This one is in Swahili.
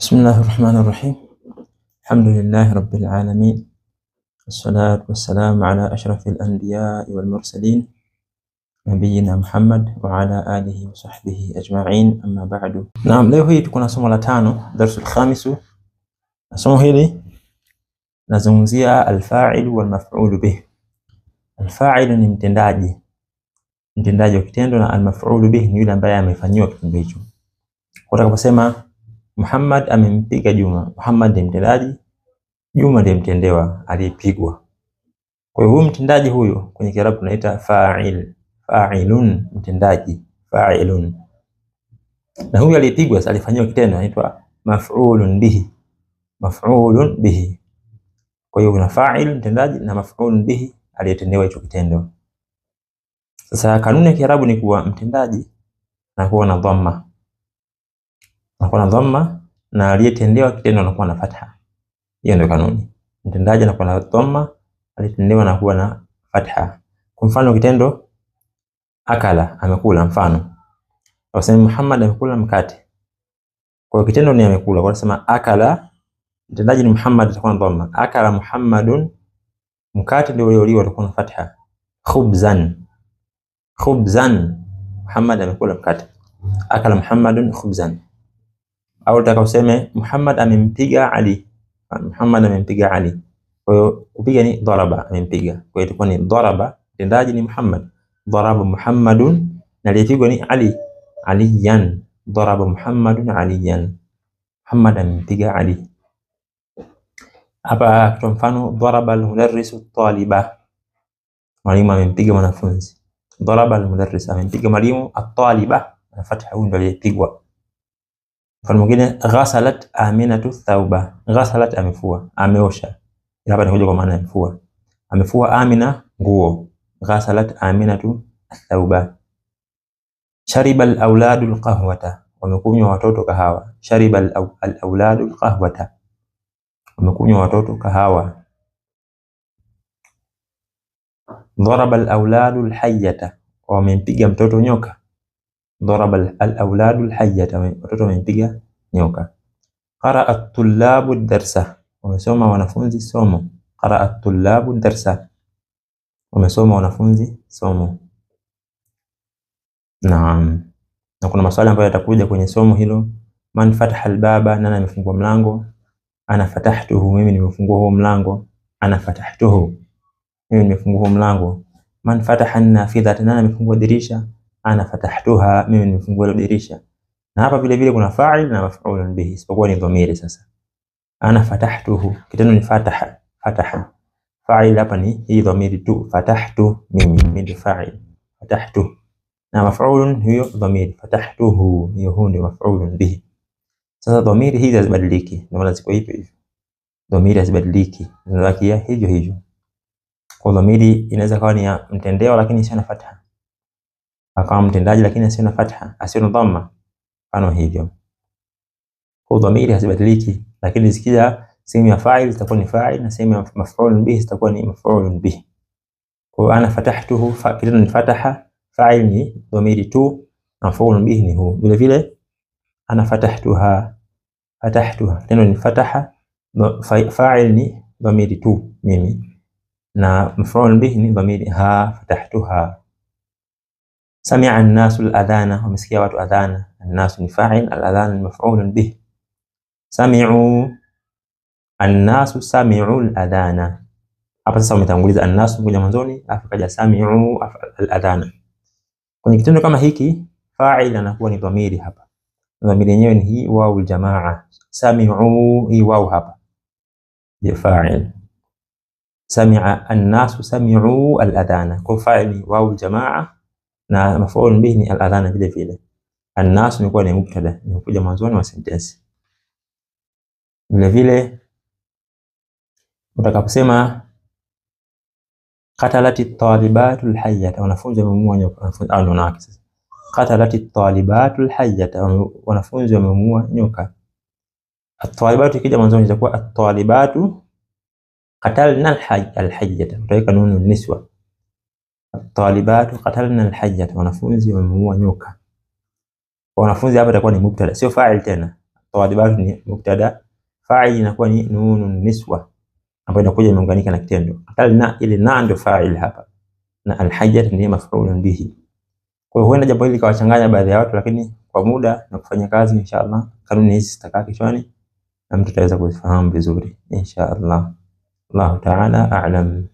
Bismillahi rahmani rahim, alhamdulillahi rabbil alamin, wassalatu wassalamu ala ashrafil anbiya wal mursalin nabiyina Muhammad wa ala alihi wa sahbihi ajma'in, amma ba'du. Naam, leo hii tuko na somo la tano, darsul khamisu. Na somo hili nazungumzia alfa'il wal maf'ul bih. Alfa'il ni mtendaji, mtendaji wa kitendo, na almaf'ul bih ni yule ambaye amefanyiwa kitendo hicho. Kwa kusema Muhammad amempiga Juma. Muhammad ndiye mtendaji, Juma ndiye mtendewa aliyepigwa. Kwa hiyo huyu mtendaji huyo kwenye Kiarabu tunaita fa'il, fa'ilun, mtendaji, fa'ilun. Na huyu aliyepigwa sasa alifanyiwa kitendo anaitwa maf'ulun bihi, maf'ulun bihi. Kwa hiyo kuna fa'il mtendaji na maf'ulun bihi aliyetendewa hicho kitendo. Sasa kanuni ya Kiarabu ni kuwa mtendaji anakuwa na dhamma, anakuwa na dhamma na aliyetendewa kitendo anakuwa na fatha. Hiyo ndio kanuni. Mtendaji anakuwa na dhamma, aliyetendewa anakuwa na fatha. Kwa mfano kitendo akala, amekula. Mfano wasema Muhammad amekula mkate, kwa kitendo ni amekula. Kwa nasema akala, mtendaji ni Muhammad, atakuwa na dhamma. Akala Muhammadun, mkate ndio ulioliwa, atakuwa na fatha. Khubzan, khubzan, Muhammad amekula mkate. Akala Muhammadun khubzan au utaka useme Muhammad amempiga Ali, Muhammad amempiga Ali. Kwa hiyo kupiga ni daraba, amempiga. Kwa hiyo itakuwa ni daraba, mtendaji ni Muhammad, daraba Muhammadun, na aliyepigwa ni Ali, Aliyan, daraba Muhammadun Aliyan, Muhammad amempiga Ali. Hapa kwa mfano, daraba almudarrisu taliba, mwalimu amempiga mwanafunzi. Daraba almudarris, amempiga mwalimu. Ataliba na fatha, huyu ndiye aliyepigwa Mfano mwingine ghasalat Aminatu thauba. Ghasalat, amefua ameosha. Ila hapa inakuja kwa maana ya mfua. Amefua Amina nguo. Ghasalat Aminatu thauba. Shariba alawladu alqahwata, Wamekunywa watoto kahawa. Shariba alawladu alqahwata, Wamekunywa watoto kahawa. Dharaba alawladu alhayyata, Wamempiga mtoto nyoka. Daraba al-awladu al watoto wamepiga nyoka. Qara at darsa wamesoma wanafunzi somo. Qara at-tullabu darsa wamesoma wanafunzi somo. Naam, na kuna maswali ambayo yatakuja kwenye somo hilo. Man fataha al nani amefungua mlango? Ana fatahtuhu, mimi nimefungua huo mlango. Ana fatahtuhu, mimi nimefungua huo mlango. Man fataha an nani amefungua dirisha? ana fatahtuha, mimi nimefungua ile dirisha. Na hapa vile vile kuna fa'il na maf'ulun bihi, isipokuwa ni dhamiri. Sasa ana fatahtuhu, kitendo ni fataha, fataha. Fa'il hapa ni hii dhamiri tu, fatahtu mimi, mimi ni fa'il, fatahtu na maf'ulun huyo dhamiri, fatahtuhu hiyo hundi maf'ulun bihi. Sasa dhamiri hizi hazibadiliki, ndio maana ziko hivyo hivyo, dhamiri hazibadiliki, zinabakia hivyo hivyo. Kwa dhamiri inaweza kawa ni ya mtendeo, lakini sio na fataha akawa mtendaji lakini asiwe na fatha, asiwe na dhamma, mfano hivyo. Kwa dhamiri hazibadiliki, lakini zikija sehemu ya fa'il zitakuwa ni fa'il na sehemu ya maf'ul bih zitakuwa ni maf'ul bih. Kwa ana fatahtuhu, fa'il ni fataha, fa'il ni dhamiri tu, na maf'ul bih ni hu. Vile vile ana fatahtuha, fatahtuha neno ni fataha, fa'il ni dhamiri tu mimi, na maf'ul bih ni dhamiri ha, fatahtuha Samia annasu aladhana, wamesikia watu adhana. Annasu ni fa'il, aladhana ni maf'ulun bih. Sami'u, annasu sami'u aladhana. Hapa sasa umetanguliza annasu kuja mwanzoni, afu kaja sami'u aladhana. Kwenye kitendo kama hiki fa'il anakuwa ni dhamiri hapa. Dhamiri yenyewe ni hii wau jamaa. Sami'u hii wau hapa. Je, fa'il. Sami'a annasu sami'u aladhana. Kwa fa'il wau jamaa na mafaulu bihi ni al-adhana vile vile. An-nas ni imekuwa ni mubtada, ni kuja mwanzoni wa sentensi. Vile vile utakaposema qatalati talibatu al-hayyata, wanafunzi wamemuua nyoka. Au ni wanawake sasa, qatalati talibatu al-hayyata, wanafunzi wamemuua nyoka. At-talibatu ikija mwanzoni itakuwa at-talibatu qatalna al-hayyata, utaweka nunu niswa talibatu qatalna alhajjata, wanafunzi wamemuua nyoka. Wanafunzi hapa itakuwa ni mubtada, sio fa'il tena. Talibatu ni mubtada, fa'il inakuwa ni nunun niswa ambayo inakuja imeunganika na kitendo. Qatalna ile na ndio fa'il hapa, na alhajjata ni maf'ulun bihi. Kwa hiyo huenda jambo hili kawachanganya baadhi ya watu, lakini kwa muda na kufanya kazi, inshallah kanuni hizi zitakaa kichwani na mtu ataweza kuzifahamu vizuri inshallah. Allahu ta'ala a'lam.